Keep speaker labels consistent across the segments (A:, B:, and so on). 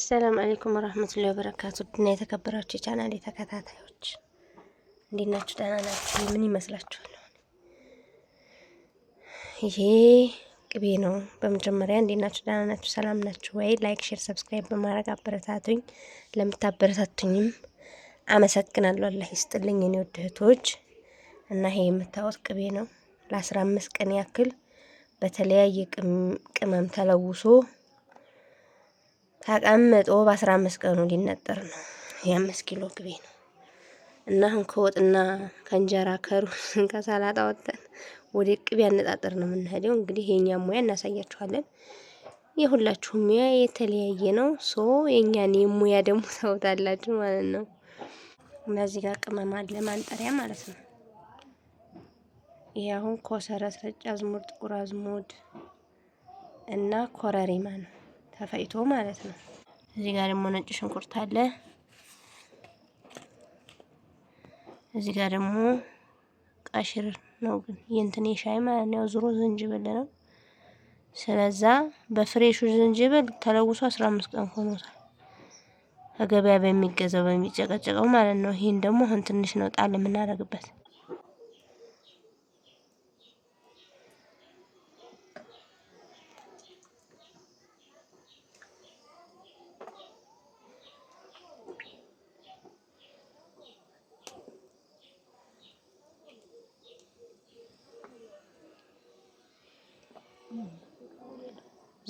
A: አሰላም አለይኩም ወራህመቱላሂ ወበረካቱ ድና የተከበራችሁ የቻናሌ ተከታታዮች እንዴት ናችሁ? ደህና ናችሁ? ምን ይመስላችኋል? ይሄ ቅቤ ነው። በመጀመሪያ እንዴት ናችሁ? ደህና ናችሁ? ሰላም ናችሁ ወይ? ላይክ፣ ሼር፣ ሰብስክራይብ በማድረግ አበረታቱኝ። ለምታበረታቱኝም አመሰግናለሁ። አላህ ይስጥልኝ የኔ ውድ እህቶች እና ይሄ የምታዩት ቅቤ ነው። ለአስራ አምስት ቀን ያክል በተለያየ ቅመም ተለውሶ ተቀምጦ በአስራ አምስት ቀኑ ሊነጠር ነው። የአምስት ኪሎ ግቤ ነው እና አሁን ከወጥና ከእንጀራ ከሩዝ ከሰላጣ ወጥተን ወደ ቅቤ ያነጣጠር ነው የምንሄደው። እንግዲህ የእኛ ሙያ እናሳያችኋለን። የሁላችሁም ሙያ የተለያየ ነው። ሶ የእኛን የሙያ ደግሞ ታውታላችሁ ማለት ነው። እነዚህ ጋር ቅመም አለ ማንጠሪያ ማለት ነው። ይሄ አሁን ኮሰረት፣ ነጭ አዝሙድ፣ ጥቁር አዝሙድ እና ኮረሪማ ነው። ተፈይቶ ማለት ነው። እዚህ ጋር ደግሞ ነጭ ሽንኩርት አለ። እዚህ ጋር ደግሞ ቀሽር ነው ግን የእንትን ሻይ ማለት ነው። ዙሮ ዝንጅብል ነው። ስለዛ በፍሬሹ ዝንጅብል ተለውሶ አስራ አምስት ቀን ሆኖታል። ከገበያ በሚገዛው በሚጨቀጨቀው ማለት ነው። ይህን ደግሞ አሁን ትንሽ ነው ጣል የምናደርግበት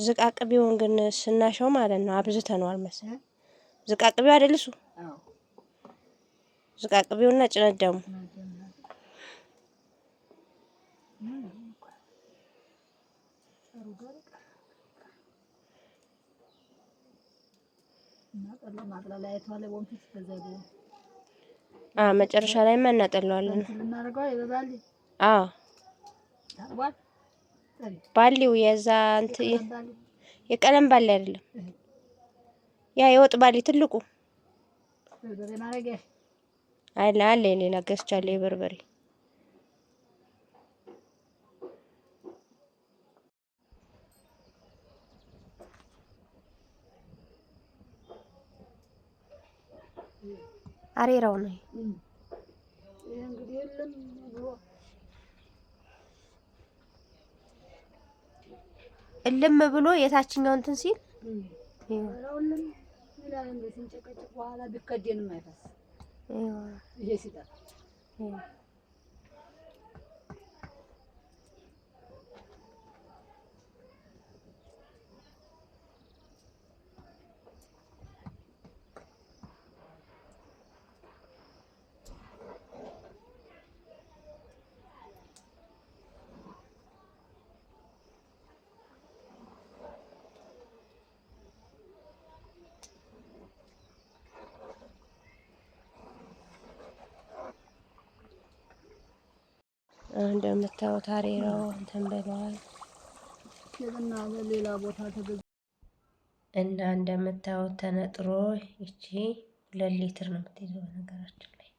A: ዝቃቅቤውን ግን ስናሸው ማለት ነው አብዝተነዋል መሰለኝ። ዝቃቅቤው አይደል እሱ ዝቃቅቤውና ጭነት ደሙ መጨረሻ ላይ እናጠለዋለን። ነው። ባሊው የዛ የቀለም ባሊ አይደለም፣ ያ የወጥ ባሊ ትልቁ አለ አለ ሌላ ገዝቻለሁ የበርበሬ አሬራው ነው። እልም ብሎ የታችኛው እንትን ሲል በኋላ እንደምታዩት አሬራው እንትን ብለዋል እና እንደምታዩት ተነጥሮ ይቺ ሁለት ሊትር ነው የምትይዘው። ነገራችን ላይ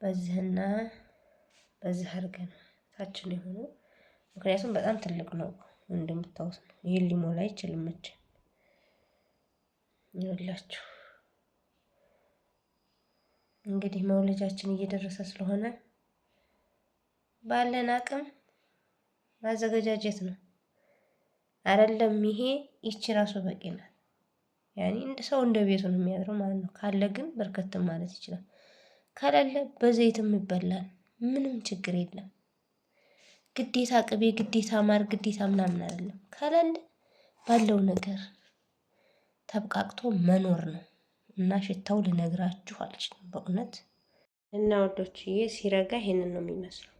A: በዚህና በዚህ ነው ታችን የሆነው ምክንያቱም በጣም ትልቅ ነው እንደምታዩት ነው። ይህን ሊሞላ አይችልም መቼም ይኸውላችሁ እንግዲህ መውለጃችን እየደረሰ ስለሆነ ባለን አቅም ማዘገጃጀት ነው። አይደለም ይሄ ይቺ ራሱ በቂ ናት። ያኔ እንደ ሰው እንደ ቤቱ ነው የሚያድረው ማለት ነው። ካለ ግን በርከትም ማለት ይችላል። ከሌለ በዘይትም ይበላል። ምንም ችግር የለም። ግዴታ ቅቤ፣ ግዴታ ማር፣ ግዴታ ምናምን አይደለም። ከሌለ ባለው ነገር ተብቃቅቶ መኖር ነው እና ሽታው ልነግራችሁ አልችልም በእውነት እና ይህ ሲረጋ ይሄንን ነው የሚመስለው።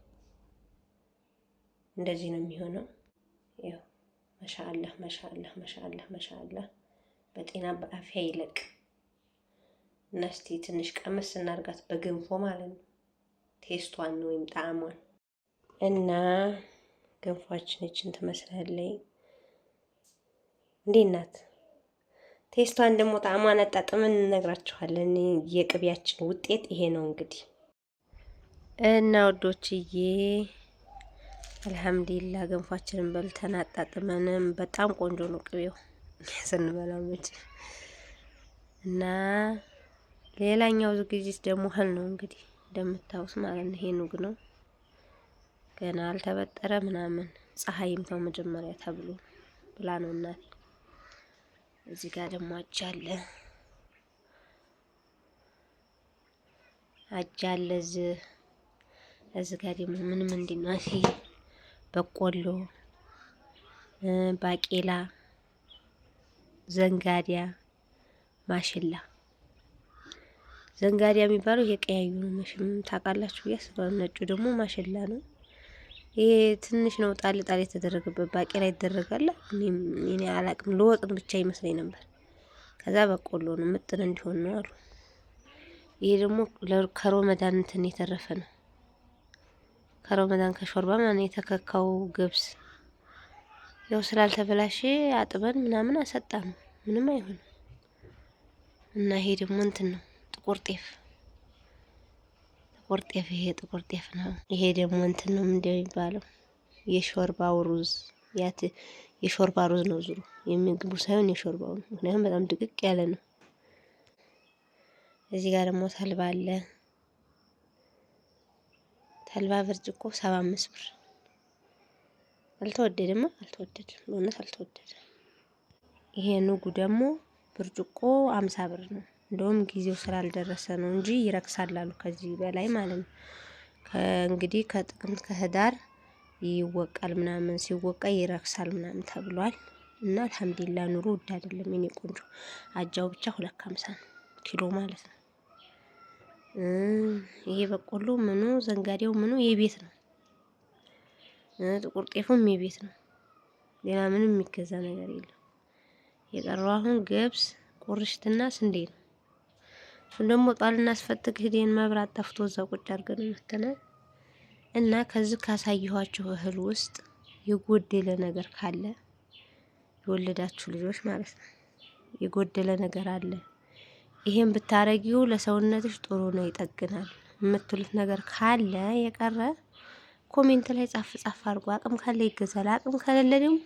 A: እንደዚህ ነው የሚሆነው። ያው ማሻአላህ ማሻአላህ ማሻአላህ ማሻአላህ በጤና በአፊያ ይለቅ እና እስቲ ትንሽ ቀመስ እናርጋት በገንፎ ማለት ነው። ቴስቷን ወይም ጣዕሟን እና ገንፏችን እችን ትመስላለች። እንዴት ናት? ቴስቷን ደግሞ ጣዕሟን አጣጥመን እንነግራችኋለን። የቅቤያችን ውጤት ይሄ ነው እንግዲህ እና ውዶችዬ። አልሐምዱሊላ ገንፏችንን በልተን አጣጥመንም በጣም ቆንጆ ነው ቅቤው ስንበላው መቼ እና ሌላኛው ዝግጅት ደግሞ እህል ነው እንግዲህ እንደምታውስ ማለት ነው። ይሄ ኑግ ነው ገና አልተበጠረ ምናምን ፀሐይም ይምታው መጀመሪያ ተብሎ ብላ ነው እናት። እዚህ ጋር ደግሞ አጃ አጃለ እዚህ እዚህ ጋር ደግሞ ምንም ምንድን በቆሎ፣ ባቄላ፣ ዘንጋዲያ፣ ማሽላ ዘንጋዲያ የሚባለው ይሄ ቀያዩ ነው። መቼም ታውቃላችሁ ብዬ አስባለሁ። ነጩ ደግሞ ማሽላ ነው። ይሄ ትንሽ ነው ጣል ጣል የተደረገበት ባቄላ ይደረጋል። እኔ አላቅም ለወጥን ብቻ ይመስለኝ ነበር። ከዛ በቆሎ ነው ምጥን እንዲሆን ነው አሉ። ይሄ ደግሞ ከሮመዳን እንትን የተረፈ ነው። ከረመዳን ከሾርባ ማነው የተከካው ግብስ ያው ስላልተበላሸ አጥበን ምናምን አሰጣ ነው ምንም አይሆንም። እና ይሄ ደግሞ እንትን ነው ጥቁር ጤፍ ጥቁር ጤፍ ይሄ ጥቁር ጤፍ ነው። ይሄ ደግሞ እንትን ነው ምንድነው የሚባለው? የሾርባው ሩዝ ያት የሾርባ ሩዝ ነው። ዙሩ የሚግቡ ሳይሆን የሾርባው ነው። ምክንያቱም በጣም ድቅቅ ያለ ነው። እዚህ ጋር ደግሞ ተልባ አለ። ተልባ ብርጭቆ ሰባ አምስት ብር አልተወደደም፣ አልተወደደም፣ በእውነት አልተወደደም። ይሄ ንጉ ደግሞ ብርጭቆ አምሳ ብር ነው። እንደውም ጊዜው ስላልደረሰ ነው እንጂ ይረክሳል አሉ ከዚህ በላይ ማለት ነው። እንግዲህ ከጥቅምት ከህዳር ይወቃል ምናምን ሲወቃ ይረክሳል ምናምን ተብሏል። እና አልሐምዱሊላ ኑሮ ውድ አይደለም። የኔ ቆንጆ አጃው ብቻ ሁለት ከሀምሳ ነው ኪሎ ማለት ነው። ይሄ በቆሎ ምኑ ዘንጋዴው ምኑ የቤት ነው። ጥቁር ጤፉም የቤት ነው። ሌላ ምንም የሚገዛ ነገር የለም። የቀረው አሁን ገብስ ቁርሽትና ስንዴ ነው። እሱን ደግሞ ጧል እናስፈትግ ሂደን መብራት ጠፍቶ እዛ ቁጭ አድርገን መተናል እና ከዚህ ካሳየኋችሁ እህል ውስጥ የጎደለ ነገር ካለ የወለዳችሁ ልጆች ማለት ነው የጎደለ ነገር አለ ይሄን ብታረጊው ለሰውነትሽ ጥሩ ነው፣ ይጠግናል የምትሉት ነገር ካለ የቀረ ኮሜንት ላይ ጻፍ ጻፍ አድርጎ አቅም ካለ ይገዛል፣ አቅም ከሌለ ደግሞ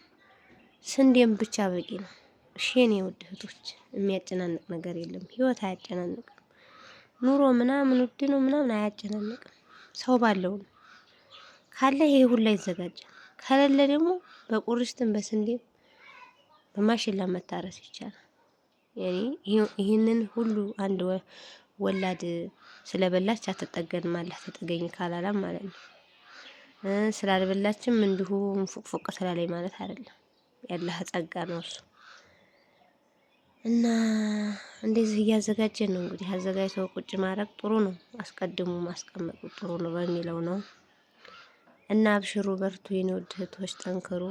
A: ስንዴም ብቻ በቂ ነው። እሺ የኔ ውድ እህቶች፣ የሚያጨናንቅ ነገር የለም። ህይወት አያጨናንቅም። ኑሮ ምናምን ውድ ነው ምናምን አያጨናንቅም። ሰው ባለው ነው ካለ ይሄ ሁላ ይዘጋጃል። ከሌለ ደግሞ በቁርስትም በስንዴም በማሽላ መታረስ ይቻላል። ይህንን ሁሉ አንድ ወላድ ስለበላች አትጠገንም፣ አላህ ተጠገኝ ካላላም ማለት ነው። ስላልበላችም እንዲሁ ፉቅፉቅ ስላላይ ማለት አይደለም። ያላህ ጸጋ ነው እሱ። እና እንደዚህ እያዘጋጀን ነው እንግዲህ። አዘጋጅተው ቁጭ ማድረግ ጥሩ ነው፣ አስቀድሞ ማስቀመጡ ጥሩ ነው በሚለው ነው። እና አብሽሩ፣ በርቱ የኔ ውድ እህቶች፣ ጠንክሩ።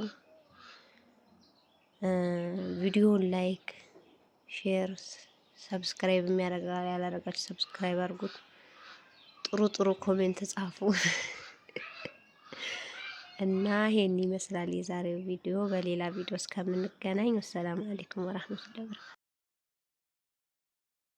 A: ቪዲዮን ላይክ ሼር፣ ሰብስክራይብ የሚያደርጋ ያላደረጋችሁ ሰብስክራይብ አድርጉት። ጥሩ ጥሩ ኮሜንት ጻፉ እና ይሄን ይመስላል የዛሬው ቪዲዮ። በሌላ ቪዲዮ እስከምንገናኝ ወሰላም አለይኩም ወራህመቱላሂ ወበረካቱ።